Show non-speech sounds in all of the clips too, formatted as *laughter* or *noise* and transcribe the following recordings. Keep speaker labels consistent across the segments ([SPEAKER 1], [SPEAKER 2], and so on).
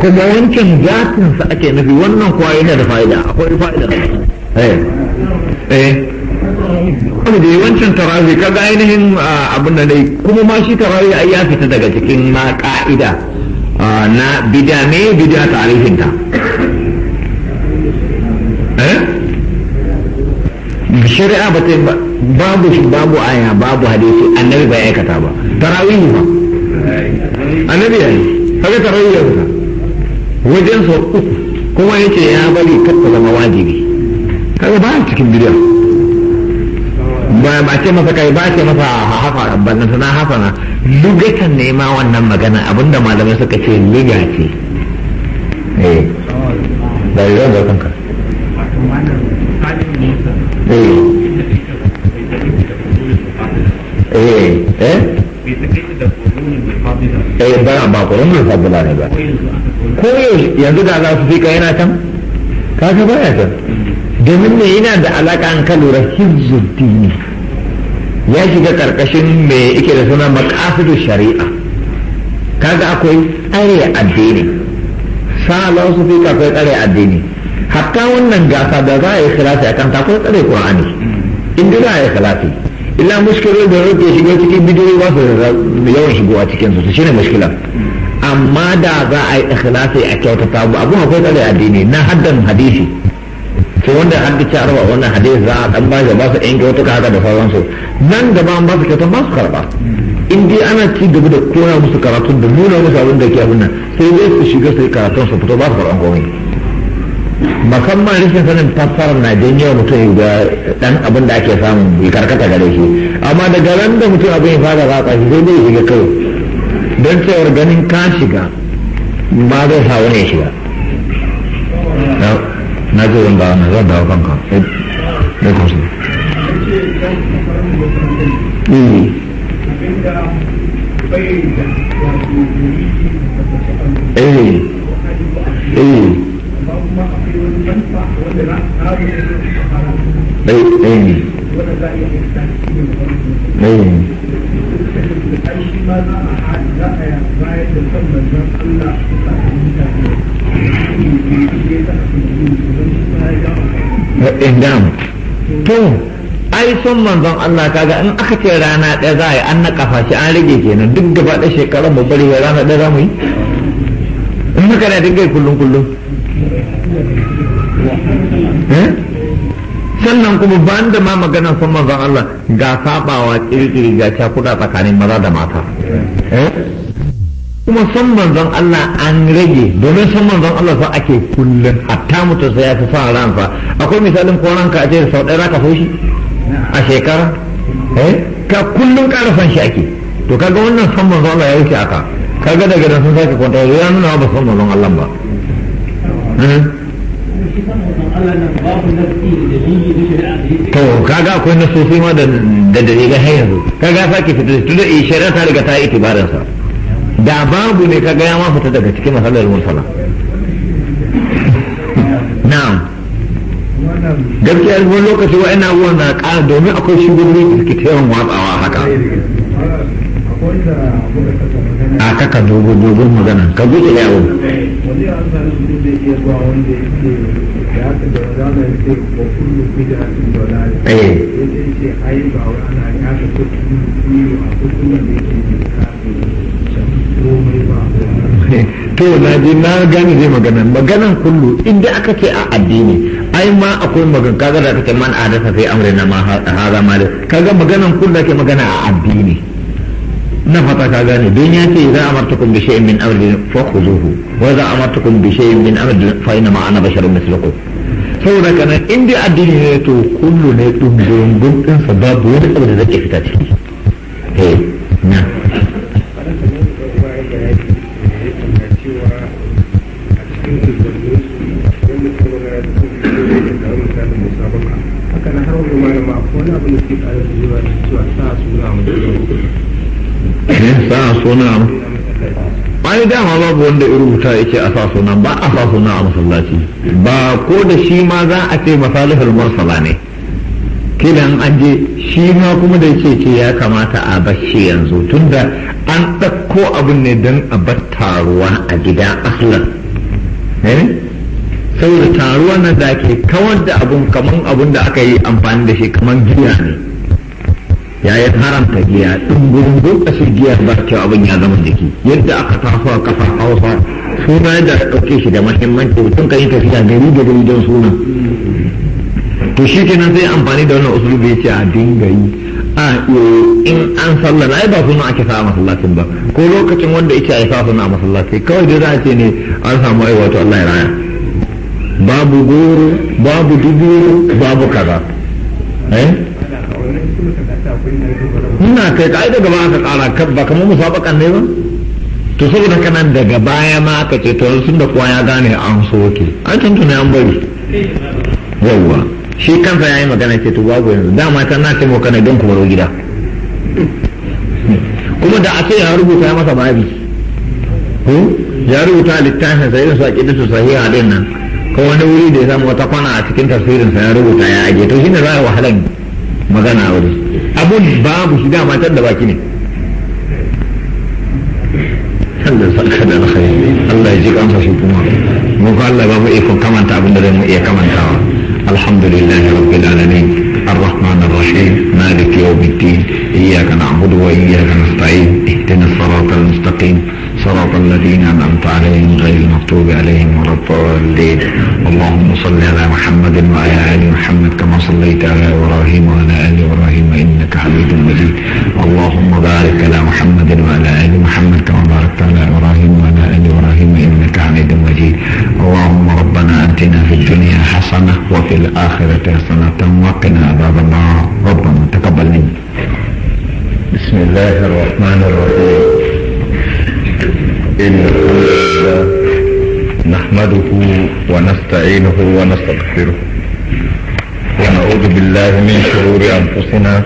[SPEAKER 1] kuma wancan jatinsa ake nufi wannan kuwa yana da fa'ida akwai fa'ida kuma eh. eh. da wancan tarawi kaga ainihin abin da dai kuma ma shi tarawi ai ya fita daga cikin ma ka'ida na bida ne bida tarihin ta eh shari'a ba ta babu shi babu aya babu hadisi annabi bai aikata ba tarawi ba annabi ya yi kaga tarawi ya fita wajen sau uku kuma ya ya bari kasta zama wajibi kaga ba cikin bidiya ba ce masa kai ba ce masa hafa bannan sana na lugatan ne ma wannan magana abinda malamai suka ce liga ce eh da yawan da kanka eh. eh eh eh ba ba ne ba ko yanzu da za su fika yana can kaga baya can domin ne yana da alaka an kalura hizzuddini ya shiga karkashin me yake da suna maqasidu shari'a kaga akwai tsare addini sa Allah su fika akwai tsare addini hatta wannan gasa da za a yi khilafi akan ta akwai tsare qur'ani in za a yi khilafi illa mushkilin da yake shiga cikin bidiyoyi ba su yawan shigowa cikin su shine mushkilan amma da za a yi ikhlasi a kyautata ba abu akwai tsare addini na haddan hadisi to wanda haddace arba wannan hadisi za a dan ba ba su yan wata haka da sauransu nan gaba an ba su kyautan ba su karba in dai ana ci gaba da kona musu karatu da nuna musu abin da ke abin nan sai zai su shiga su yi karatun su fito ba su karban komai ma rashin sanin fassarar na janyo mutum ga dan abin da ake samu ya karkata gare shi amma daga ran da mutum abin ya fara ratsa shi sai zai shiga kawai don cewar ganin ka shiga ba zai sa wani shiga na ce zan dawo na zan dawo kanka ya kusa
[SPEAKER 2] eh eh eh eh To, ai
[SPEAKER 1] son manzon Allah kaga in aka ce rana ɗaya za a yi an na kafa shi an rage kenan duk gaba ɗaya shekarar mu bari ya rana ɗaya za mu yi? In muka na dinga yi kullum kullum. Eh? sannan kuma ba da ma magana son manzon Allah ga saɓawa ƙirƙiri ga cakuɗa tsakanin maza da mata. Eh? kuma san manzon Allah an rage domin san manzon Allah fa ake kullum hatta mutum sai ya fi fara ran fa akwai misalin ko ranka a ce sau ɗaya zaka so shi a shekara eh? ka kullum ƙara san shi ake to kaga wannan san manzon Allah ya wuce aka kaga daga nan sun sake kwanta ya nuna ba san manzon Allah ba hmm?
[SPEAKER 2] Allah na babu nafsi da to
[SPEAKER 1] kaga akwai sosai ma da ga har yanzu kaga ya sake fita tunda eh, shari'a ta riga ta yi itibarin sa da babu ne kaga ya ma fita daga cikin masalar mursala *laughs* na'am gaskiya wani lokaci wa ina ruwan na ƙara domin akwai shugabanni da suke ta yawan watsawa haka a kaka dogon magana ka guje yawon a to na ji na gani zai magana maganan kullu inda aka ce a addini ai ma akwai magana kaga da aka ce man adasa sai amrina ma haza ma da kaga maganan kullu ake magana a addini na fata ka gane don ya ce za amartukum bi shay'in min amrin fa khuzuhu wa za amartukum bi shay'in min amrin fa inna ma ana basharun mislukum saboda kana in dai addini ne to kullu ne dungurun dungurun sa babu wani abu da zai fita ciki
[SPEAKER 2] eh na
[SPEAKER 1] har wani malama wani abu da suke zuwa cewa ne sa sunan dama babu wanda ya rubuta yake a sa sunan ba a sa sunan a masallaci ba ko da shi ma za a ce masalihul mursala ne kidan an je shi ma kuma da yake ce ya kamata a bashi yanzu tunda an ɗauko abin ne don a bar taruwa a gida aslan eh? saboda taruwa na da ke kawar da abun kaman abun da aka yi amfani da shi kaman giya ne ya yi haramta giya ɗungurin lokaci giyar ba kyau abin ya zama jiki yadda aka taso a kafa hausa suna da ɗauke shi da mahimmanci tun kan yi tafiya gari da gari don suna to shi kenan sai amfani da wannan usulubi ya ce a dinga yi a e, in an sallar na ba suna ake sa a masallacin ba ko lokacin wanda yake a sa suna a kawai da za a ce ne an samu aiwa to Allah ya raya babu goro babu dubiro babu kaza eh?
[SPEAKER 2] ina kai
[SPEAKER 1] ka daga ba aka kara kan ba kamar musabakan ne ba to saboda kanan daga baya ma aka ce to sun da kuwa ya gane an soke an tuntuna an bari yawwa shi kansa ya yi magana ce to babu yanzu dama ta na ce kana don kuma baro gida kuma da a ce ya rubuta ya masa babi hmm? ya rubuta littafin sa irin su aqidatu sahiha din nan ko wani wuri da ya samu wata kwana a cikin tafsirin sa ya rubuta ya aje to shine za a wahalar magana a wuri abun babu shi dama da baki ne Allah saka da alkhairi Allah ya ji kansa shi kuma mu ko Allah ba mu iko kamanta abin da mu iya kamantawa alhamdulillahi rabbil alamin الرحمن الرحيم مالك يوم الدين إياك نعبد وإياك نستعين اهدنا الصراط المستقيم صراط الذين أنعمت عليهم غير المغضوب عليهم ولا الضالين اللهم صل على محمد وعلى آل محمد كما صليت على إبراهيم وعلى آل إبراهيم إنك حميد مجيد اللهم بارك على محمد وعلى آل محمد كما باركت على إبراهيم وعلى آل إبراهيم إنك حميد مجيد اللهم ربنا آتنا في الدنيا حسنة وفي الآخرة حسنة وقنا عذاب النار ربنا تقبل منا بسم الله الرحمن الرحيم إن نحمده ونستعينه ونستغفره ونعوذ بالله من شرور أنفسنا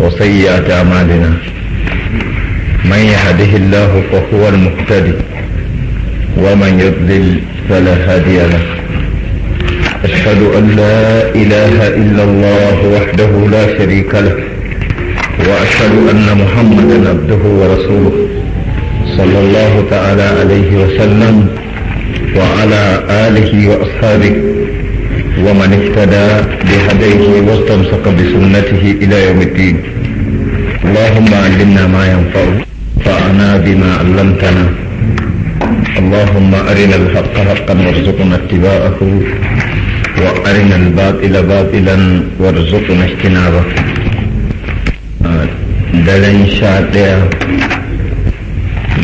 [SPEAKER 1] وسيئات أعمالنا من يهده الله فهو المهتدي ومن يضلل فلا هادي له أشهد أن لا إله إلا الله وحده لا شريك له وأشهد أن محمدا عبده ورسوله صلى الله تعالى عليه وسلم وعلى آله وأصحابه ومن اهتدى بهديه واستمسك بسنته إلى يوم الدين اللهم علمنا ما ينفع فأنا بما علمتنا اللهم أرنا الحق حقا وارزقنا اتباعه وأرنا الباطل باطلا وارزقنا اجتنابه آه، دلن شاطئة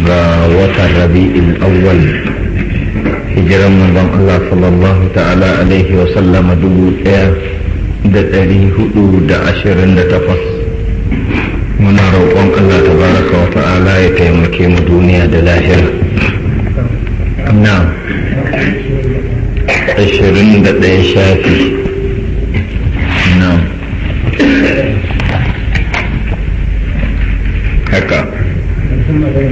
[SPEAKER 1] ga watan rabi'in awwal hijiran manzon Allah sallallahu ta'ala alaihi wa sallama dubu ɗaya da ɗari hudu da ashirin da takwas muna roƙon Allah baraka wa ta'ala ya taimake mu duniya da lahira na ashirin da ɗaya shafi na
[SPEAKER 2] haka eh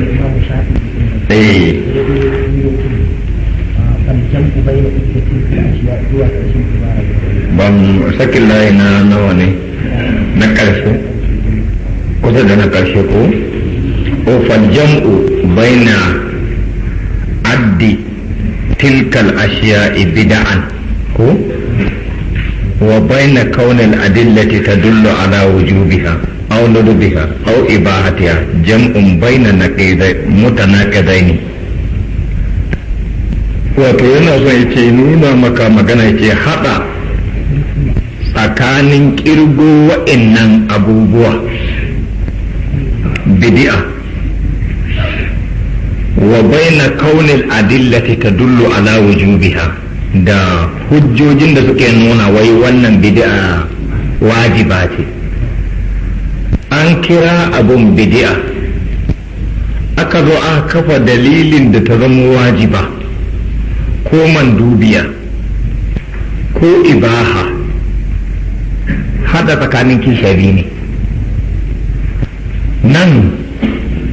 [SPEAKER 1] ban sakin layi na nawa ne na ƙarshe kusa da na ƙarshe ko o faljam'u baina addi tilkal ashiya bida'an ko wa baina kaunil adillati tadullu ala wujubiha أو لدبها أو إباحتها جمع بين متناقضين wato yana son ya ce nuna maka magana ya ce haɗa tsakanin ƙirgo wa'innan abubuwa bidi'a wa baina kaunin adillati ta dullu ala wujubiha da hujjojin da suke nuna wai wannan bidi'a wajiba ce an kira abun bidi'a aka zo an kafa dalilin da ta zama wajiba ko mandubiya ko ibaha hada tsakanin kishari ne nan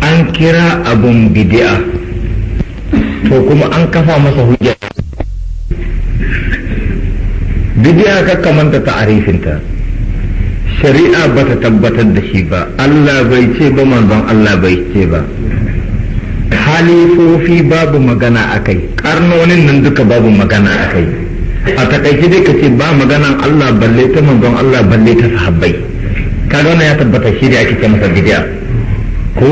[SPEAKER 1] an kira abun bidi'a to kuma an kafa masa hujja bidi'a kakkamanta ta'arifinta shari'a ba ta tabbatar da shi ba Allah bai ce ba manzon Allah bai ce ba halifofi babu magana a kai karnonin nan duka babu magana a kai a takaice dai ka ce ba maganan Allah balle ta manzon Allah balle ta sahabbai Ka gana ya tabbata shi da ake ce masa bid'a ko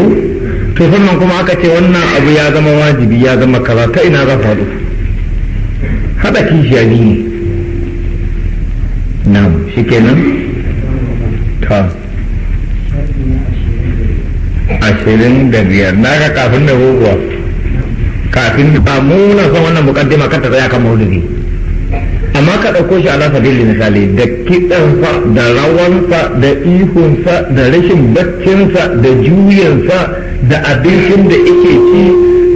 [SPEAKER 1] to sannan kuma aka ce wannan abu ya zama wajibi ya zama kaza ta ina za faru hada kishiya ne na shikenan ta ashirin da biyar na ga kafin da guguwa kafin da mu son wannan mukaddima ma kanta tsaya kan maulidi amma ka ɗauko shi ala sabili misali da kiɗansa da rawansa da ihunsa da rashin baccinsa da juyansa da abincin da yake ci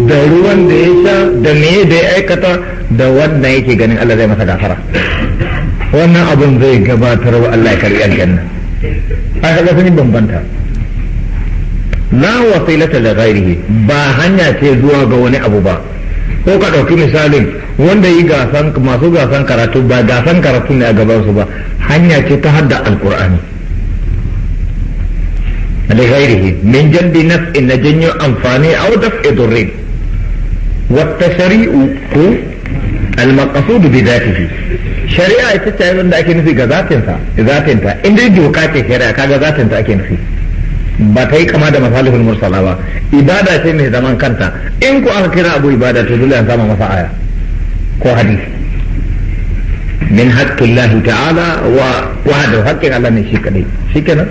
[SPEAKER 1] da ruwan da ya sha da meye da ya aikata da wannan yake ganin Allah zai masa gafara wannan abun zai gabatar wa Allah ya karɓi aljanna ai ga sun bambanta la wasilata da ghairihi ba hanya ce zuwa ga wani abu ba ko ka ɗauki misalin wanda yi gasan masu gasan karatu ba gasan karatu ne a gaban su ba hanya ce ta hadda alkur'ani da ghairihi min jalbi naf'in na janyo amfani aw daf'i durri wa tashri'u ko al maqsud bi dhatihi shari'a ita ce abin da ake nufi ga zatinta zatinta inda yake doka ce shari'a kaga zatinta ake nufi ba ta yi kama da masalihul mursala ba ibada ce mai zaman kanta in ku aka kira abu ibada to dole an sama masa aya ko hadisi min haqqillahi ta'ala wa wahda haqqin Allah ne shi kadai shikenan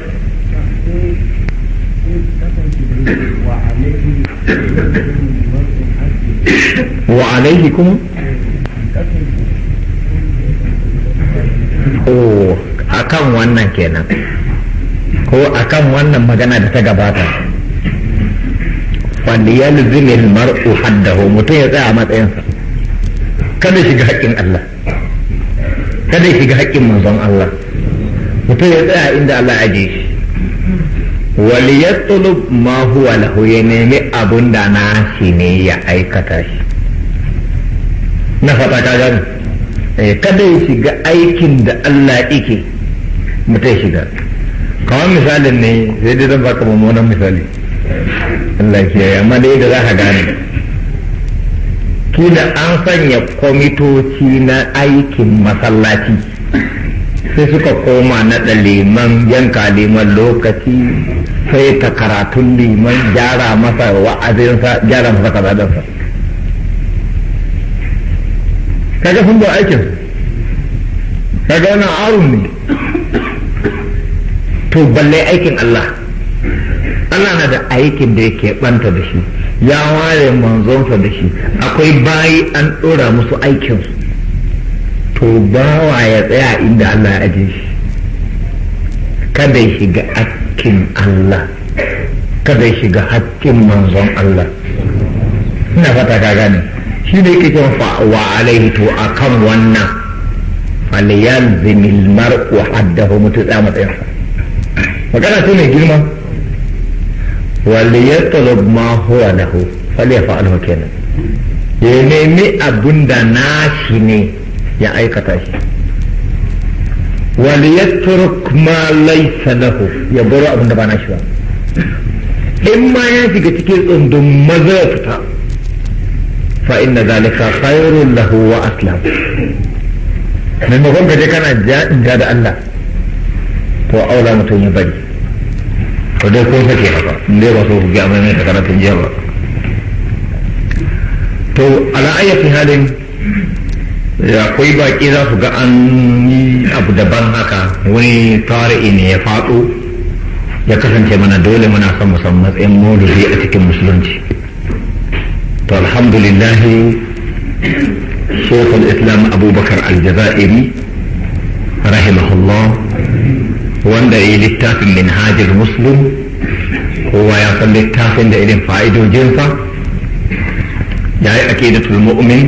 [SPEAKER 1] wa alaihi kuma a kan wannan kenan ko kan wannan magana da ta gabata wanda ya luzumin mar'u haddahu mutum ya tsaya a matsayinsa kada shiga haƙƙin Allah kada shiga haƙƙin manzon Allah mutum ya tsaya inda Allah ya aje shi ya yatlub ma huwa lahu ya nemi abun da na shi ne ya aikata shi na faɗa ka gani Eh, kada ya shiga aikin da Allah yake mutai shiga kamar misalin ne sai dai zan baka mummunan misali Allah kiyaye amma dai da za ka gane kila an sanya kwamitoci na aikin masallaci sai suka koma naɗa liman yanka liman lokaci sai ta karatun liman gyara masa wa'azinsa gyara masa kazadansa kaga sun ba aikin kaga wannan arun ne to balle aikin Allah Allah na da aikin da yake banta da shi ya ware manzonsa da shi akwai bayi an ɗora musu aikinsu to bawa ya tsaya inda Allah ya ajiye shi kada ya shiga aikin Allah kada ya shiga hakkin manzon Allah ina fata ka gane shi ne yake fa wa alaihi to akan wannan zimil almar'u haddahu mutsa matsayin magana ce mai girma waliyatalab ma huwa lahu alhu kenan ya nemi abunda da shi ne ya aikata shi waliyatruk ma laisa lahu ya bar abunda da ba shi ba in ma ya shiga cikin tsundun maza fita فإن ذلك خير له وأسلم من مهم كجي كان جاد الله تو أولى متن يبري فده كون سكي حقا ليه بصوف جامعة من تكرة تو على أي حال akwai baki za su ga an yi abu daban haka wani tarihi ne ya faɗo ya kasance mana dole muna son musamman matsayin mauluzi a cikin musulunci to alhamdulillah shekul islam abubakar aljazairi rahimahullah wanda ya yi littafin minhajir muslim kowa ya san littafin da irin fa'idojinsa ya yi aqidatul mu'min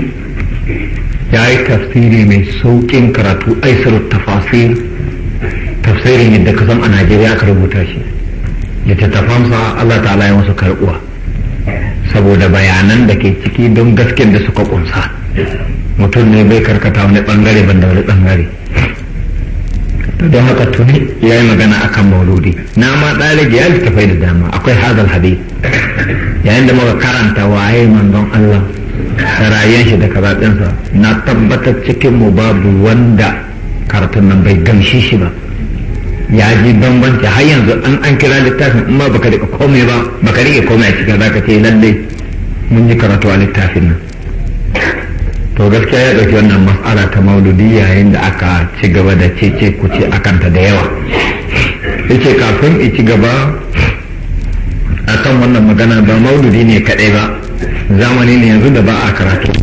[SPEAKER 1] ya yi tafsiri mai sauƙin karatu aisar tafasir tafsirin yadda kasan a najeriya aka rubuta shi littattafansa allah ta'ala ya masu karɓuwa saboda bayanan da ke ciki don gasken da suka kunsa mutum ne bai karkata wani bangare banda wani bangare don haka tuni ya yi magana akan mauludi na ma ɗalibi ya littafai da dama akwai hazal hadi yayin da muka karanta waye manzon Allah da rayuwar shi da karatunsa na tabbatar cikin mu babu wanda karatun nan bai gamshi shi ba ya ji bambanci har yanzu an an kira littafin in ma baka da komai ba baka rike komai a cikin zaka ce lalle mun yi karatu a littafin nan to gaskiya ya ɗauki wannan mas'ala ta mauludi yayin da aka ci gaba da cece kuce akanta da yawa yace kafin i ci gaba akan wannan magana ba mauludi ne kadai ba zamani ne yanzu da ba a karatu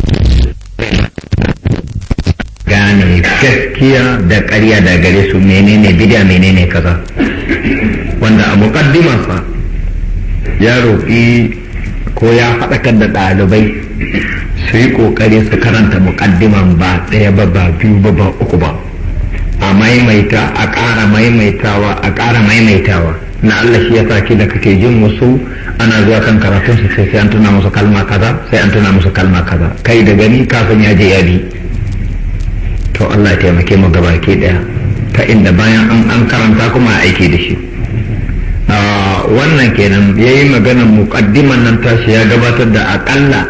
[SPEAKER 1] gane gaskiya da ƙarya da gare su menene bid'a menene kaza wanda a muƙaddimarsa ya roƙi ko ya faɗakar da ɗalibai su yi ƙoƙari su karanta muƙaddiman ba ɗaya ba ba biyu ba ba uku ba a maimaita a ƙara maimaitawa a ƙara maimaitawa na Allah shi ya saki da kake jin wasu ana zuwa kan karatun su sai an tuna musu kalma kaza sai an tuna musu kalma kaza kai da gani kafin ya je ya bi to Allah ya taimake mu gabaki daya ta inda bayan an an karanta kuma aiki da shi ah, wannan kenan ya yi maganar muƙaddiman nan tashi ya gabatar da aƙalla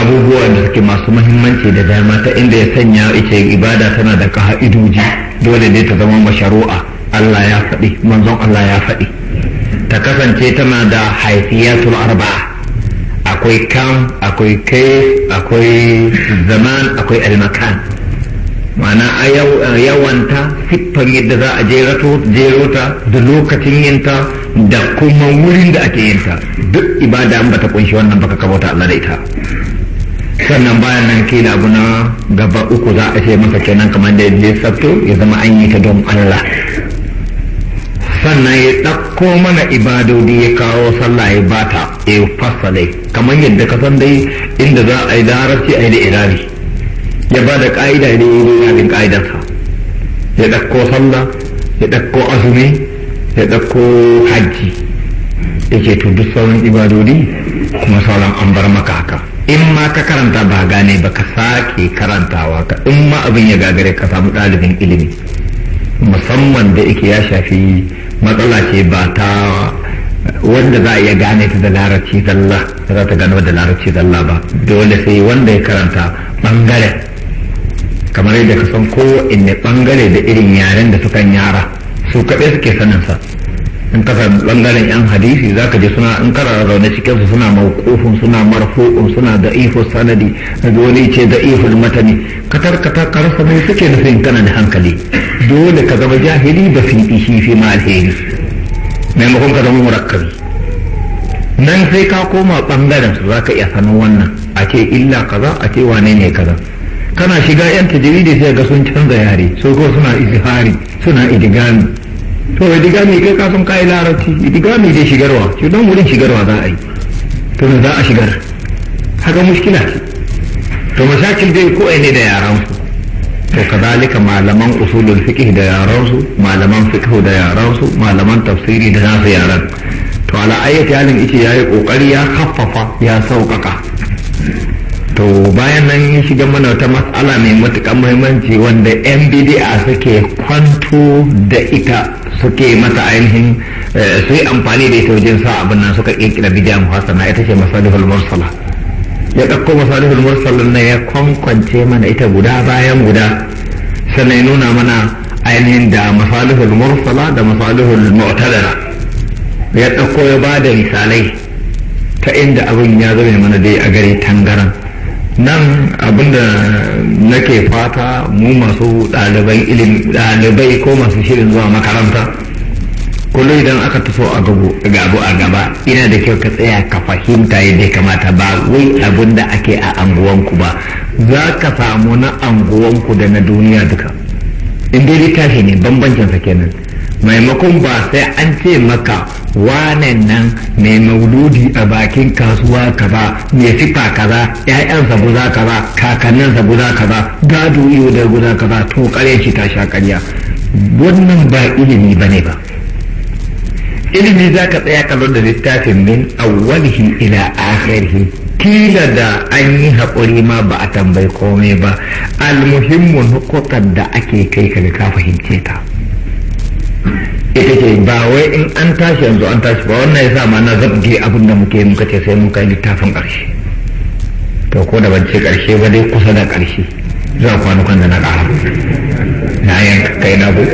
[SPEAKER 1] abubuwa da suke masu muhimmanci da dama ta inda ya sanya ice ibada tana da ka'idoji dole ne ta zama masharu'a Allah ya faɗi manzon Allah ya faɗi ta kasance tana da haifiyatul arba'a akwai kam akwai kai akwai zaman akwai almakan ma'ana a yawanta siffar yadda za a jero ta da lokacin yinta da kuma wurin da ake yinta duk ibada an bata kunshi wannan baka ta Allah da ita sannan bayan nan kila abu gaba uku za a ce masa kenan kamar da ya sabto ya zama an yi ta don Allah sannan ya ɗauko mana ibadodi ya kawo sallah ya bata ya fassale kamar yadda ka san dai inda za a yi darasi a yi da irari ya ba da ƙa'ida ne ya yi ƙa'idarsa ya ɗauko sallah ya ɗauko azumi ya ɗauko hajji ya ce to duk sauran ibadodi kuma sauran an bar maka haka in ma ka karanta ba gane ba ka sake karantawa ka in ma abin ya gagare ka samu ɗalibin ilimi musamman da yake ya shafi matsala ce ba ta wanda za a iya gane ta da larabci zalla ba za ta gano da larabci zalla ba dole sai wanda ya karanta bangare kamar yadda ka san ko inne bangare da irin yaren da sukan yara su kaɗai suke saninsa in kasa bangaren yan hadisi za ka ji suna in kara zaune cikin su suna mawqufun suna marfu'un suna da ifo sanadi na wani ce da ifo matani katar mai suke nufin kana da hankali dole ka zama jahili da fi ishi fi ma alheri maimakon ka zama murakkabi nan sai ka koma bangaren su za ka iya sanin wannan a ce illa kaza a ce wane ne kaza kana shiga yan da sai ga sun canza yare so ko suna izhari suna idigami to diga mai kai kasan kayi larabci mai zai shigarwa shi don wurin shigarwa za a yi to za a shigar haka mushkila ce to masakil zai ko ne da yaran su to kazalika malaman usulun fiqh da yaran su malaman fiqh da yaran su malaman tafsiri da nasu yaran to ala yalin halin ya yi ƙoƙari ya haffafa ya sauƙaƙa to bayan nan ya shiga mana wata matsala mai matuƙar muhimmanci wanda yan bidi'a suke kwanto da ita suke mata ainihin eh, su yi amfani da ita wajen sa abin nan suka kirkira bidiya hasana ita ce masalihul mursala ya ɗauko masalihul mursala na ya kwankwance mana ita guda bayan guda sannan nuna mana ainihin da masalihul mursala da masalihul mu'tadala ya ɗauko ya ba da misalai ta inda abin ya zama mana dai a gari tangaran nan abinda nake fata mu masu ɗaliban ilim ɗalibai ko masu shirin zuwa makaranta kullum idan aka taso a gabo a gaba ina da kyau ka tsaya ka fahimta yadda kamata ba wai abin da ake a anguwanku ba za ka samu na anguwanku da na duniya duka in dai littafi ne bambancin sa kenan maimakon ba sai an ce maka wanan nan mai mauludi a bakin kasuwa ka ba mai sifa kaza ƴaƴansa guza ka ba kakanninsa guza ka ba gado iyo da guza ka ba to kare ta sha karya wannan ba ilimi ba ne ba ilimi za ka tsaya kalon da littafin min awwalihi ila akhirihi kila da an yi haƙuri ma ba a tambayi komai ba almuhimmin hukukan da ake kai ka ka fahimce ta. ita ce ba wai in an tashi yanzu an tashi ba wannan ya sa ma na zabge abin da muke muka ce sai muka yi littafin ƙarshe to ko da ban ce ƙarshe ba dai kusa da ƙarshe a kwanukan da na ƙara na yanka kai na bu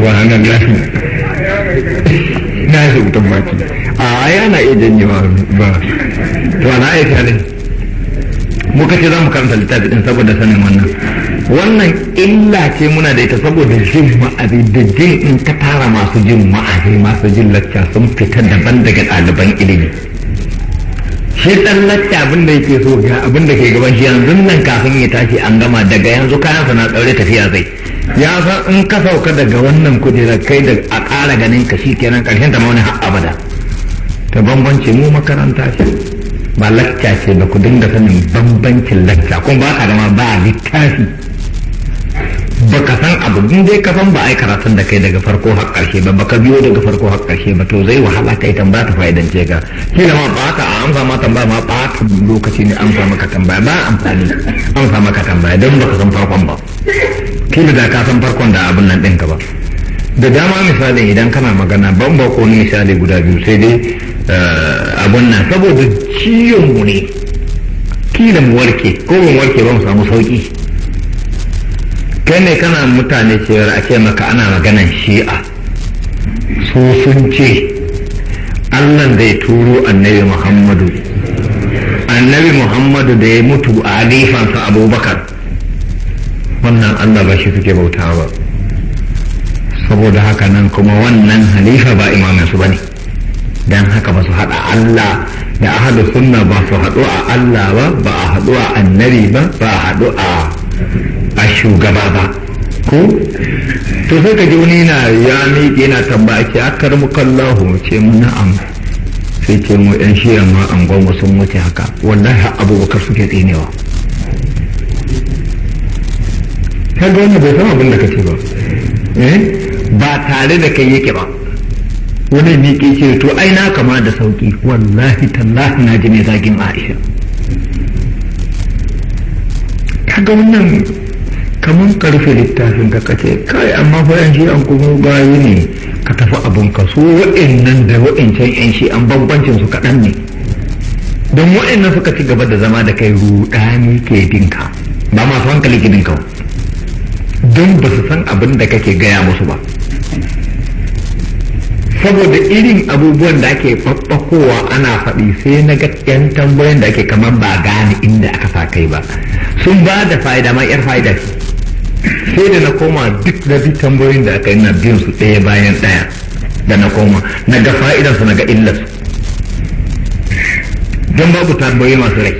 [SPEAKER 1] wa hannun lafi na shi mutum baki a na iya janyewa ba to ana aika ne muka ce za mu karanta littafi din saboda sanin wannan wannan illa ce muna da ita saboda jin ma'azi da jin in ka tara masu jin ma'azi masu jin lacca sun fita daban daga ɗaliban ilimi shi ɗan lacca abin da yake so ga abin da ke gaban shi yanzu nan kafin ya tashi an gama daga yanzu kayansa na tsaure tafiya zai ya san in ka sauka daga wannan kujerar kai da a ƙara ganin ka shi kenan ƙarshen ta mauni har abada ta bambanci mu makaranta ce ba lacca ce ba ku dinga sanin bambancin lacca kuma ba ka zama ba littafi ba ka san abu din dai ka san ba ai karatun da kai daga farko har karshe ba baka biyo daga farko har karshe ba to zai wahala kai tambaya ta ce ka shi da ma ba ka amsa ma tambaya ma ba ta lokaci ne amsa maka tambaya ba amfani amsa maka tambaya don baka san farkon ba ki da ka san farkon da abin nan ɗinka ba da dama misali idan kana magana ban ba ko ni misali guda biyu sai dai eh, abun nan saboda ciwon mu ne kila mu warke ko mu warke ba mu samu sauki kai ne kana mutane cewar a ce maka ana maganan shi'a su sun ce allah zai turo annabi muhammadu annabi muhammadu da ya mutu a halifansa abubakar wannan allah ba shi suke bauta ba saboda haka nan kuma wannan halifa ba imaminsu ba ne don haka ba su haɗa allah da ahadu sunna ba su haɗu a allah ba ba a haɗu a annabi ba ba a haɗu a a shugaba ba ko to sai ka ji wani na ya miƙe yana tambaya ke akar mukallahu ce mu na'am sai ce mu yan shiya ma an gwamma sun mutu haka wallahi abubakar suke tsinewa ka ga wani bai san abin da kake ba eh? ba tare da kai yake ba wani miƙe ce to ai na kama da sauki wallahi tallahi na ji ne zagin aisha ga wannan kamar karfe littafin ka kace kai amma fa yan an kuma bayi ne ka tafi abun ka su wa'annan da wa'ancan yan shi an bambancin su kaɗan ne don wa'annan suka ci gaba da zama da kai rudani ke dinka ba masu hankali gidin ka don ba su san abin da kake gaya musu ba saboda irin abubuwan da ake faɓɓakowa ana faɗi sai na ga yan tambayoyin da ake kamar ba gane inda aka sa kai ba sun ba da fa'ida ma yar fa'ida sai da na koma duk da duk tambayoyin da aka yi na biyan su ɗaya bayan ɗaya da na koma na ga fa'idansu na ga illarsu don babu tambayoyi masu rai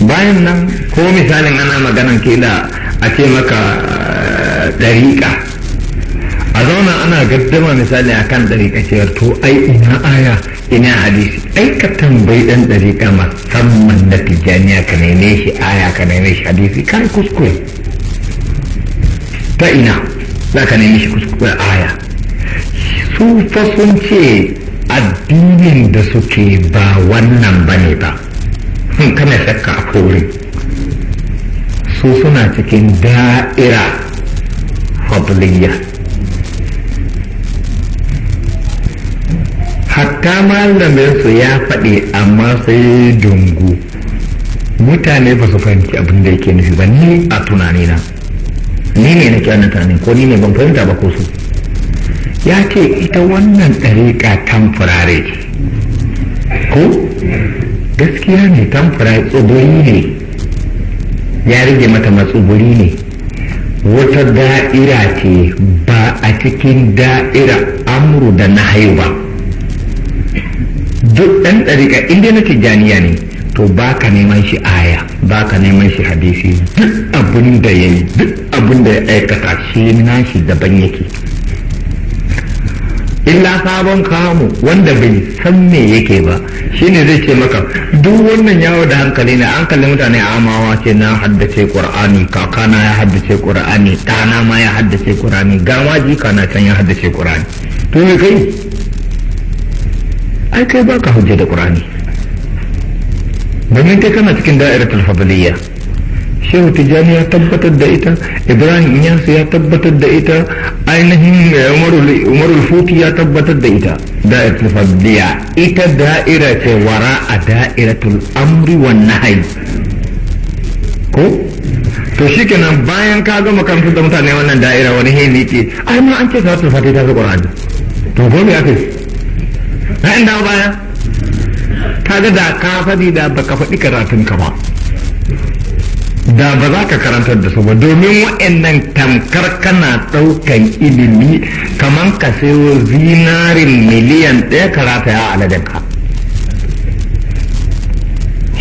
[SPEAKER 1] bayan nan ko misalin ana maganan da a ce maka eh, ɗariƙa a zauna ana gaddama misali a kan ɗariƙa cewar to ai ina aya ina hadisi ai ka tambayi ɗan ɗariƙa musamman na tijjaniya ka neme shi aya ka neme shi hadisi kai kuskure ta ina za ka nemi shi kuskure aya su fa sun ce addinin da suke ba wannan ba ne ba kana shakka a kori su suna cikin da'ira fadliya hatta malaminsu ya faɗi amma sai dungu mutane ba su fahimci abin da yake nufi ba ni a tunanina ni ne na kyanata ne ko ni ne ban fahimta ba ko su ya ce ita wannan ɗariƙa tamfurare ko gaskiya ne tamfurare tsibiri ne ya rage mata matsuburi ne wata da'ira ce ba a cikin da'ira amuru da na haihu ba duk ɗan ɗariƙa inda na tijjaniya ne to baka neman shi aya baka neman shi hadisi duk abin da ya yi duk abin da ya aikata shi nashi daban yake illa sabon kamu wanda bai san me yake ba shine zai ce maka duk wannan yawo da hankali ne hankalin mutane a amawa ce na haddace qur'ani kakana ya haddace qur'ani ɗana ma ya haddace qur'ani gama jika na can ya haddace qur'ani to ne kai ai kai baka hujja da qur'ani domin kai kana cikin da'irar fadliya shehu tijani ya tabbatar da ita ibrahim iyansu ya tabbatar da ita ainihin umarul futi ya tabbatar da ita da'irar fadliya ita da'ira ce wara a da'iratul amri wa nahyi ko to shikenan bayan ka gama kamfin da mutane wannan da'ira wani hini ke ai ma an ce wata fatiha ta qur'ani to gobe aka yi na inda baya kaga da ka sani da baka faɗi karatun ka ba da ba za ka karantar da su ba domin wa'annan tamkar kana ɗaukan ilimi kamar ka sayo zinarin miliyan ɗaya karata ya aladen ka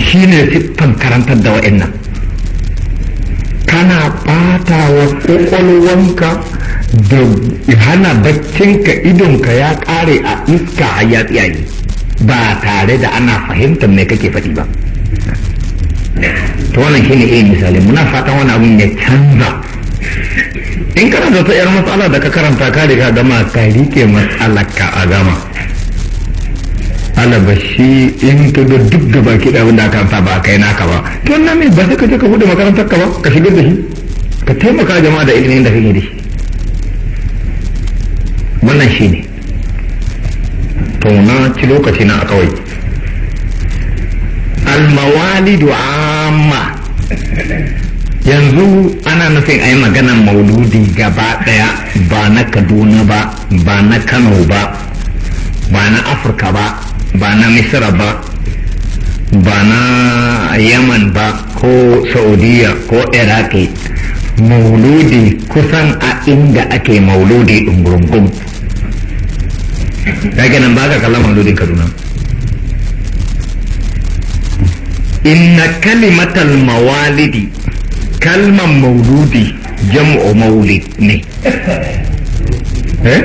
[SPEAKER 1] shi ne siffan karantar da waɗannan kana ɓata wa ƙwaƙwalwanka da hana baccinka idonka ya ƙare a iska a yatsiyayi ba tare da ana fahimtar me kake faɗi ba ta wannan shine irin misali muna fatan wani abun ya canza in karanta ta yar matsala da ka karanta ka riga gama ka rike matsalar ka a gama alaba bashi in ka ga duk da baki da wanda da aka amsa ba kai naka ba to na me ba sai ka je ka bude makarantar ka ba ka shigar da shi ka taimaka jama'a da ilimin da kake da shi wannan shine to na ci lokaci na a kawai almawalidu amma yanzu ana nufin a yi maganan mauludi gaba daya ba na kaduna ba ba na kano ba ba na afirka ba ba na misira ba ba na yaman ba ko saudiya ko iraki mauludi kusan a inda ake mauludi ɗungurungun kake nan baka kallon mauludin kaduna inna kalimatal mawalidi kalman mauludi jam'u maulid ne eh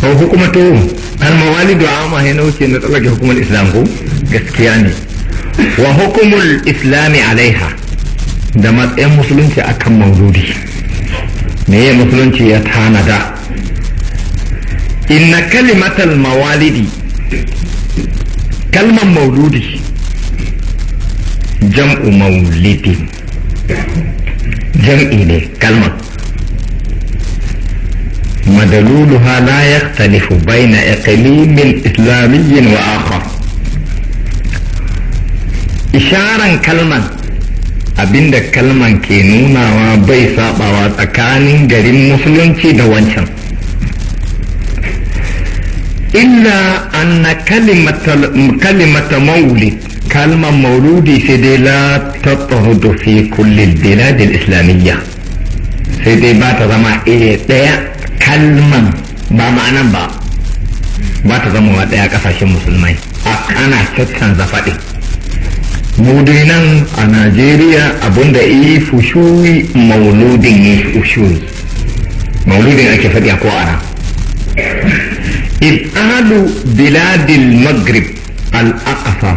[SPEAKER 1] ko to al mawalidu amma hina wuce na tsallake hukumar islam ko gaskiya ne wa hukumul islami alaiha da matsayin musulunci akan mauludi me musulunci ya tanada inna kalimatal mawalidi kalman mauludi jam'u maulidi jam'i ne kalma مدلولها لا يختلف بين إقليم إسلامي وآخر Isharan kalman, abinda kalman ke nunawa bai sabawa tsakanin garin musulunci da wancan an anna kalimata maulid kalmar mauludi sai dai la tattahudu fi kulli bilad islamiyya sai dai ba ta zama iri daya kalman ba ba ba ta zama wa daya kasashen musulmai a kana caccanza faɗi maududi nan a najeriya abunda yi fushuyi mauludin yi fushuyi mauludin ake fadi a ko ana إذ أهل بلاد المغرب الأقصى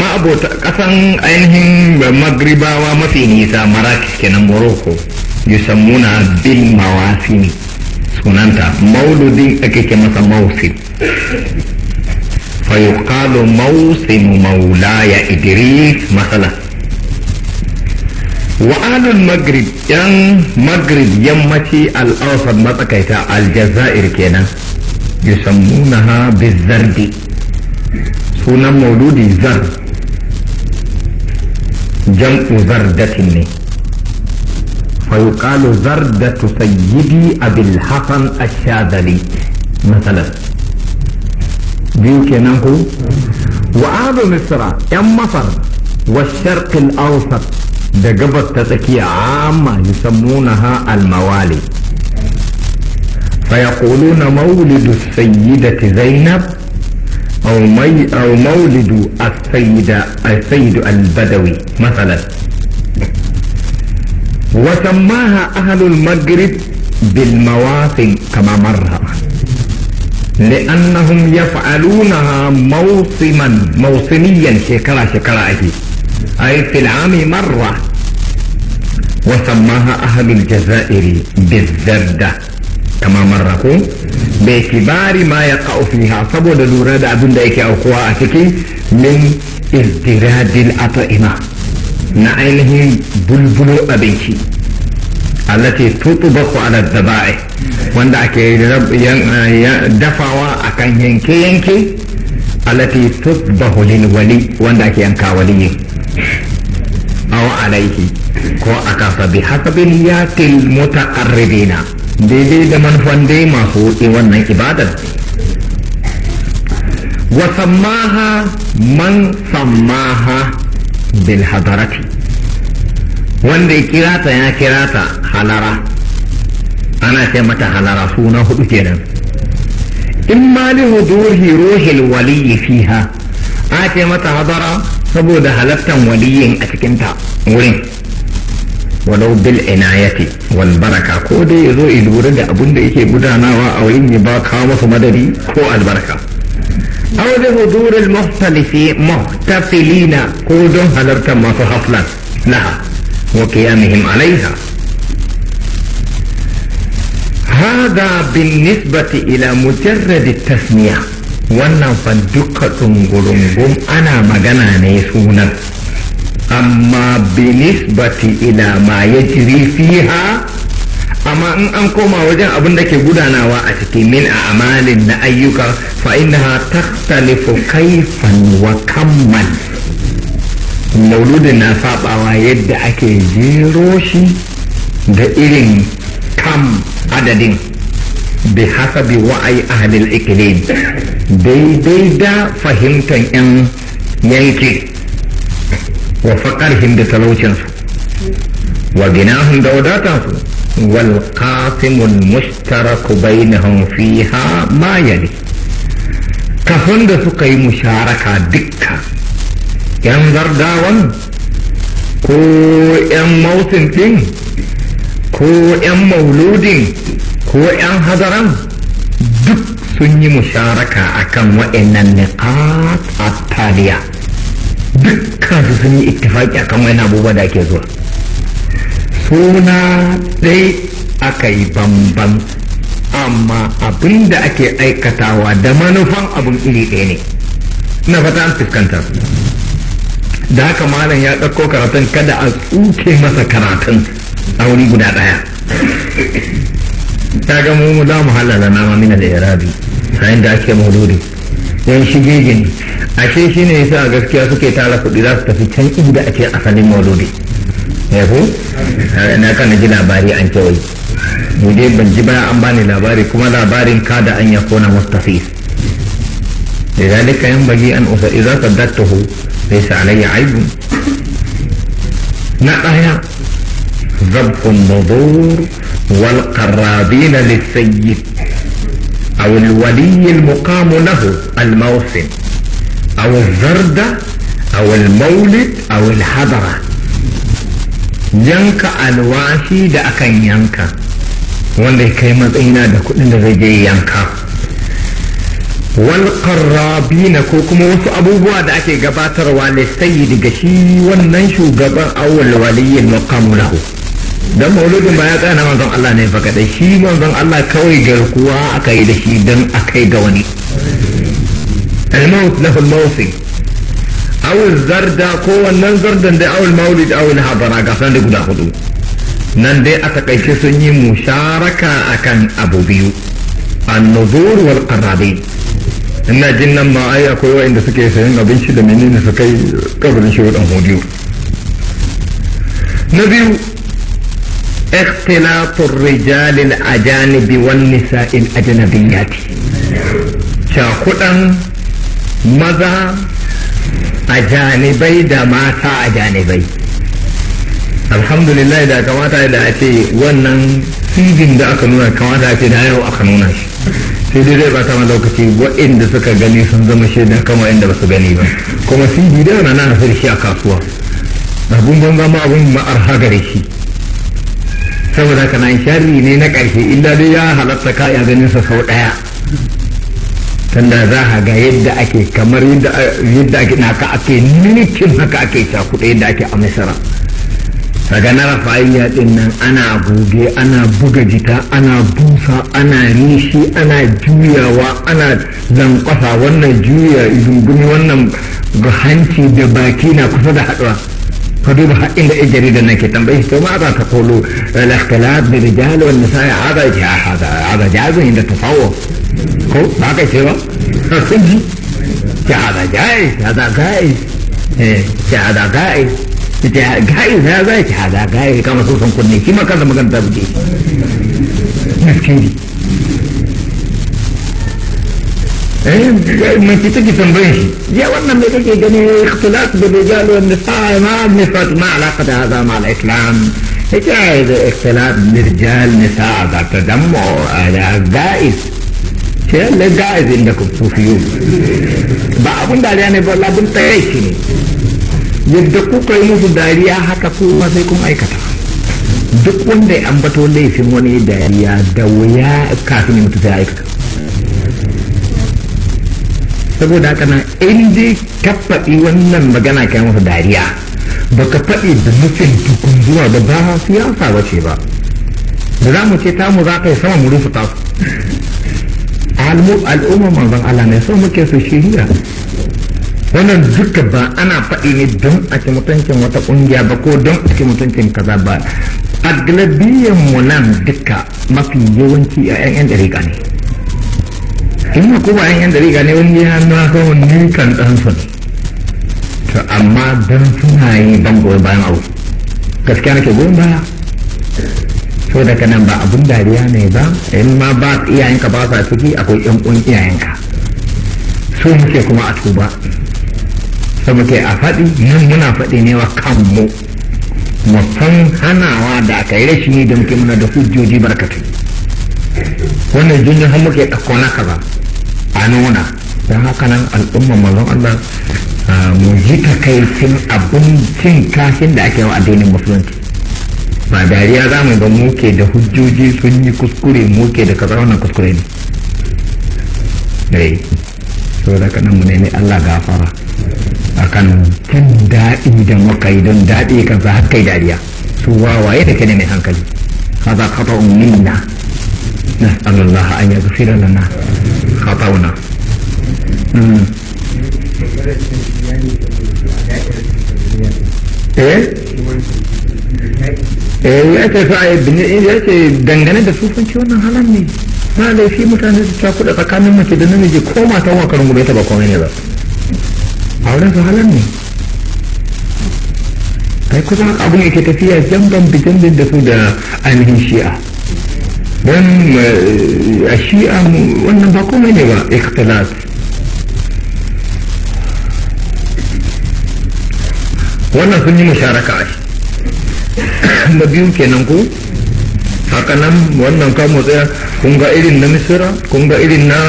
[SPEAKER 1] ma'abota kasan ainihin magribawa mafi nisa marrakech kenan morocco yusammuna bin mawasin sunanta mauludin ake ke masa mausin fayuqalu mausin maulaya idris masala وأهل المغرب ين مغرب يمتي الأوسط مطقيتا الجزائر كينا يسمونها بالزرد سونا مولود زر جمع زردة فيقال زردة سيدي أبي الحسن الشاذلي مثلا ديو كينا هو وأهل مصر ين مصر والشرق الأوسط da gabas ta tsakiya amma yusammunaha al-mawali فيقولون مولد السيدة زينب أو, مي أو مولد السيدة السيد البدوي مثلا وسماها أهل المغرب بالمواسم كما مر لأنهم يفعلونها موسما موسميا شكرا شكرا أي في العام مرة وسماها أهل الجزائر بالزردة كما مرة بكبار ما يقع فيها صبو لورا دا أبن دا يكي أو أتكي من ازدراد الأطعمة نعينهم بلبل أبنشي التي تطبخ على الذبائح wanda ake dafawa a kan yanke-yanke alati tusbahu lil wali wanda ake yanka waliyi aw alaihi ko a sa bi hasabin yatil mutaqarribina daidai da manufan dai masu wuce wannan ibadar wa sammaha man sammaha bil hadarati wanda ya kira ya kirata ta halara ana ce mata halara suna hudu kenan in ma li huduri ruhil waliyi fiha a ce mata hadara saboda halattan waliyin a cikinta wurin walau bil inayati wal baraka ko dai yazo ya lura da abin da yake gudanawa a wurin ya ba kawo masa madadi ko albarka aw da hudur al muhtalifi muhtafilina ko don halartan masu hafla laha wa qiyamihim alaiha هذا بالنسبة إلى مجرد التسمية wannan fa duka tsungurungun ana magana ne sunan amma binisbati ila ma ya jiri fiha amma in an koma wajen abin da ke gudanawa a cikin min a amalin na ayyuka fa innaha taktalifu kaifan wa kamman mauludin na sabawa yadda ake jero shi da irin kam adadin bi hasabi wa'ai ahlil ikilin daidai da fahimtar yan yanke wa faƙar hindu talaucinsu wa ginahun da wadatansu wal qasimun mushtaraku ni fiha ma mayani kafin da suka yi musharaka dukka yan zardawan ko yan mautin ɗin ko yan mauludin ko yan hadaran sun yi musharaka akan waɗannan niqat a taliya dukkan su sun yi ittifaki kan wani abubuwa da ake zuwa suna ɗai aka yi bambam amma abin da ake aikatawa da manufan abin iri ɗaya ne na fata an fuskanta da haka malam ya ɗauko karatun kada a tsuke masa karatun a wuri guda ɗaya kaga mu mu da mu halala na min da irabi a da ake maududi yan ce shi shine yasa gaskiya suke tara kuɗi za su tafi can inda ake asalin maududi yahu na kan ji labari an ce wai mu dai ban ji ba an bani labari kuma labarin ka da an ya kona mustafi لذلك ينبغي أن أص... bai sa alayya aibu na ɗaya zabkun النذور والقرابين للسيد او الولي المقام له الموسم او الزرده او المولد او الحضره ينكا الواشي دا اكن ينكا وان دي كيما زينا دا كل اللي ينكا والقرابين كوكم وسو ابو بوا دا اكي غباتر والي سيد غشي وان او الولي المقام له dan mauludin ba ya tsaya na manzon Allah ne fa kadai shi manzon Allah kawai garkuwa aka yi da shi dan akai ga wani al-maut lahu al aw zarda ko wannan zardan da awul maulid awul hadara ga san da guda hudu nan dai aka kaice sun yi musharaka akan abu biyu an-nuzur wal qarabi ina jin nan ma ai akwai wanda suke sayan abinci da menene su kai kabarin shi wadan hudu na biyu اختلاط الرجال الأجانب والنساء الأجنبيات شاكوطا ماذا أجانبي دا ماتا أجانبي الحمد لله دا كواتا دا أتي ونن سيجن دا أكنونا كواتا أتي دا يو sai dai zai lokaci waɗanda suka gani sun zama shaidan kama waɗanda ba su gani ba kuma cd da yana nan shi a kasuwa abun banza ma abun ma'ar hagare shi saboda ka nan sharri ne na ƙarshe illa dai ya halatta ka ya ganin sa sau ɗaya tanda za a ga yadda ake kamar yadda ake na ka ake nikin haka ake cakuɗa yadda ake a misira daga na rafa'iya yaɗin nan ana goge ana buga jita ana busa ana rishi ana juyawa ana zankwasa wannan juya izungumi wannan hanci da baki na kusa da haɗuwa فدورها إلا الجريدة أنك تنبيه ماذا تقول آه، الاختلاط بالرجال والنساء هذا هذا جائز عند التصوف باقي سوى هذا جائز هذا جائز هذا جائز جائز هذا هذا جائز كما سوسن كما كذا مكان تبدي مسكين إيه، تجي تنبيهي يا وانا تجي جني يعني اختلاط بالرجال والنساء ما ما علاقة هذا مع الإسلام جائز اختلاط بالرجال نساء هذا تجمع هذا جائز شيء لا جائز عندكم صوفيون بعضهم ده يعني بلا بنت ne. yadda kuka yi musu dariya haka kuma sai kun aikata duk wanda ya ambato laifin wani dariya da wuya kafin mutu sai aikata saboda haka nan in dai ka faɗi wannan magana ka yi dariya baka faɗi da nufin tukun zuwa da ba siyasa ba ce ba da za mu ce ta mu za ka yi sama mu rufuta su al'umma manzon Allah ne sau muke su shiriya wannan duka ba ana faɗi ne don a ci mutuncin wata ƙungiya ba ko don a ci mutuncin kaza ba a mu nan duka mafi yawanci 'ya'yan 'yan ɗariƙa ne in kuma an yan dariƙa ne wani ya na kawo ni kan ɗansa to amma don suna yi ban goyon bayan abu gaskiya nake goyon baya so daga nan ba abun dariya ne ba in ma ba iyayenka ba sa ciki akwai yan ƙun iyayenka so muke kuma a tuba sai muke a faɗi nan muna faɗi ne wa kanmu mu san hanawa da aka yi rashini da muke muna da hujjoji barkatai wannan jinjin har muke ɗauko na ba nuna don haka nan al'ummar manzon Allah mu ji takaicin abincin kashin da ake wa addinin musulunci ba dariya za mu ga muke da hujjoji sun yi kuskure muke da kaza wannan kuskure ne dai eh, saboda kanan mu nemi Allah gafara akan kan daɗi da muka yi don daɗi kan za kai dariya su wawaye da kene mai hankali هذا خطأ allah نسأل الله أن يغفر lana khata'una mm. eh eh ya ce sa'ayi bin ya dangane da sufanci wannan halan ne ba laifi mutane su ta kuɗa tsakanin mace da namiji ko mata wa karin da ta ba komai ne ba a wurin su halan ne ai kusan abin yake tafiya jamban bijambin da su da ainihin shi'a don a eh, eh, shi'a ah, wannan ba kuma ne ba ikhtilat wannan sun yi musharaka a shi da *coughs* biyu kenan ko haka nan wannan kamo tsaya kun ga irin na misira kun ga irin na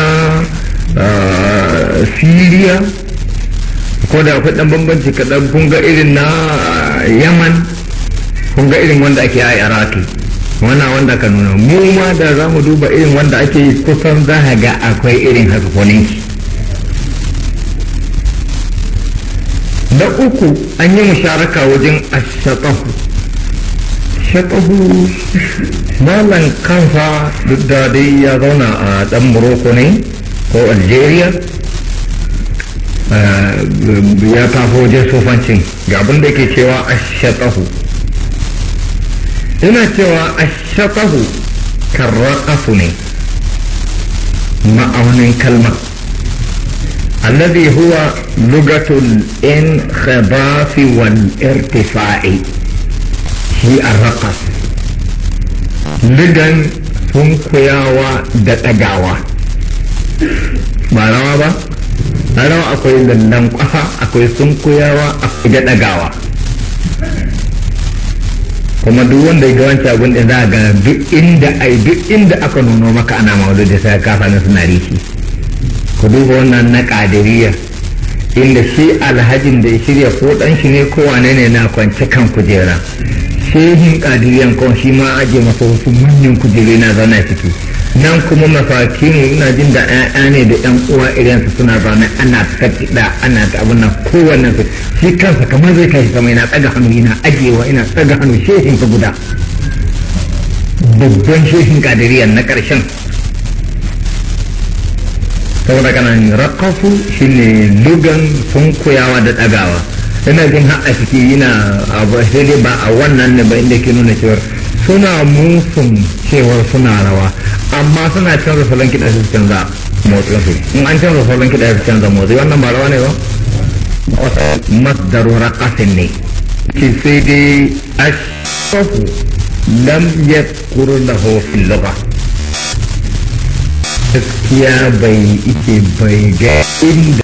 [SPEAKER 1] ah, siriya ko da akwai dan bambanci kaɗan kun ga irin na ah, yaman kun ga irin wanda ake a iraki wana wanda ka nuna mu ma da za mu duba irin wanda ake yi kusan za a ga akwai irin hasfonin na uku an yi musharaka wajen ashatahu shatahu malan kansa duk da dai ya zauna a ɗan morocco ne ko algeria eh, ya tafi wajen sofancin ga abin da ke cewa a ashatahu yana cewa a shaƙahu karraƙafu ne ma'aunin kalma. kalmar الذي هو لغة الانخفاض والارتفاع هي الرقص lugan sunkuyawa da tsagawa ba rawa ba rawa akwai lallan kwafa akwai sunkuyawa akwai da ɗagawa kuma duk wanda ya ga wancan abin da za a ga duk inda ai duk inda aka nuno maka ana maulidi da sai kafa na suna riki ku duba wannan na kadiriya inda shi alhajin da ya shirya ko dan shi ne ko wane ne na kwance kan kujera shehin kadiriyan kuma shi ma aje masa wasu manyan kujeru na zauna ciki nan kuma mafaki ne ina jin da ɗaya ne da ɗan uwa irin su suna zama ana kaɗiɗa ana ta abin nan kowanne su shi kansa kamar zai kai sama yana tsaga hannu yana ajewa yana tsaga hannu shehin ka guda babban shehin kadiriyar na ƙarshen saboda kana rakafu shine lugan sunkuyawa da ɗagawa ina jin har a ciki yana abu ba a wannan ne ba inda ke nuna cewar suna musun cewar suna rawa amma suna canza salon kiɗa su canza motsin su in an canza salon kiɗa su canza motsi wannan ba rawa ne ba masdaru raqasin ne ki sai dai ashafu lam yakuru lahu fil lugha gaskiya bai ike bai ga inda